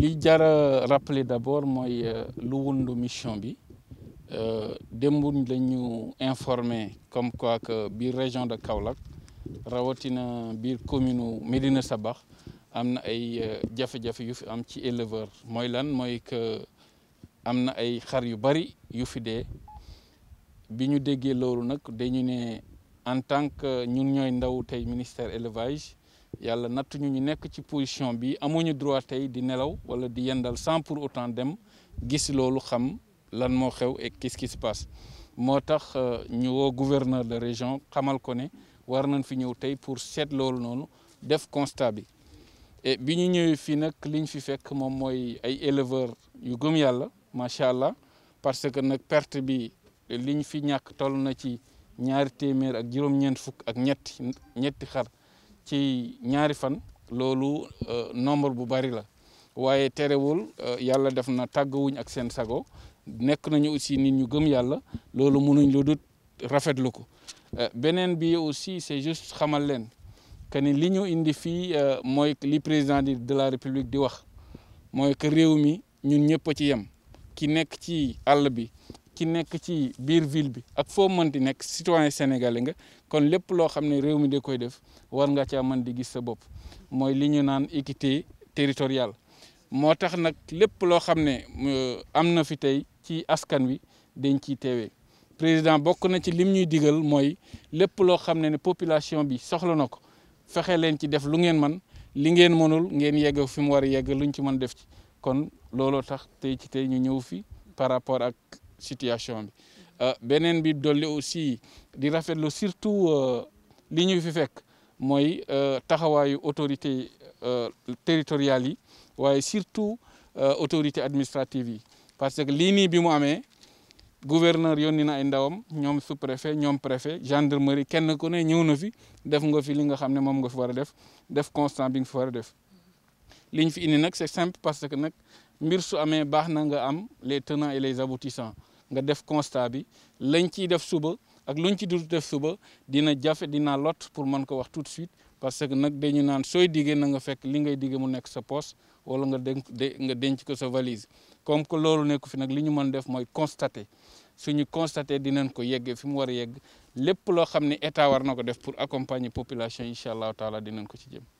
li jara rappeler d'abord mooy euh, lu wundu mission bi euh, démb lañu informé comme quoi que biir région de Kaolack rawatina biir commune Médina Sabax am na ay euh, jafe-jafe yu fi am ci éleveur mooy lan mooy que am na ay xar yu bari yu fi dee bi ñu déggee loolu nag dañu ne en tant que ñun ñooy ndaw tey ministère élevage yàlla natt ñu nekk ci position bi amooñu droit tey di nelaw wala di yendal sans pour autant dem gis loolu xam lan moo xew et qu'est-ce qui se passe moo tax euh, ñu woo gouverneur de région xamal ko ne war nañ fi ñëw tey pour seet loolu noonu def constat bi bi ñu ñëwee fii nag liñ fi fekk moom mooy ay éleveurs yu gëm yàlla macha allah parce que nag perte bi liñ fi ñàkk toll na ci ñaari téeméer ak juróom-ñeent fukk ak ñetti ñetti xar ci ñaari fan loolu euh, nombre bu bari la waaye terewul euh, yàlla def na tàggawuñ ak seen sago nekk nañu aussi nit ñu gëm yàlla loolu munuñ lu dut rafetlu ko euh, beneen bi aussi c'est juste xamal leen que ni li ñu indi fii mooy li président de la république di wax mooy que réew mi ñun ñëpp a ci yem ki nekk ci àll bi ci nekk ci biir ville bi ak foo mën di nekk citoyen sénégalais nga kon lépp loo xam ne réew mi da koy def war nga caa man di gis sa bopp mooy li ñu naan équité territoriale moo tax nag lépp loo xam ne euh, am na fi tey ci askan wi dañ ciy teewee président bokk na ci lim ñuy digal mooy lépp loo xam ne ne population bi soxla na ko fexe leen ci def lu ngeen man li ngeen mënul ngeen yegg fi mu war a yegg luñ ci mën def ci kon looloo tax tey ci tey ñu ñëw fi par rapport ak situation bi euh, beneen bi dolli aussi di rafetlu surtout euh, li ñu fi fekk mooy euh, taxawaayu autorité territoriales yi waaye surtout autorité administrative yi parce que lii nii bi mu amee gouverneur yónni na ay ndawam ñoom sous préfet ñoom préfet gendarmerie kenn ku ne ñëw na fi def nga fi li nga xam ne moom nga fi war a def def constant bi nga fi war a def li fi indi nag c'est simple parce que nag mbir su amee baax na nga am les tenants et les aboutissants nga def constat bi lañ ciy def suba ak luñ ci dul def suba dina jafe dina lot pour mën ko wax tout de suite parce que nag dañu naan sooy diggee na nga fekk li ngay diggee mu nekk sa poche wala nga denc nga denc ko sa valise comme que loolu nekku fi nag li ñu mën def mooy constater suñu constater dinañ ko yeggee fi mu war a yegg lépp loo xam ne état war na ko def pour accompagner population incha allahu taala dinañ ko ci jëm.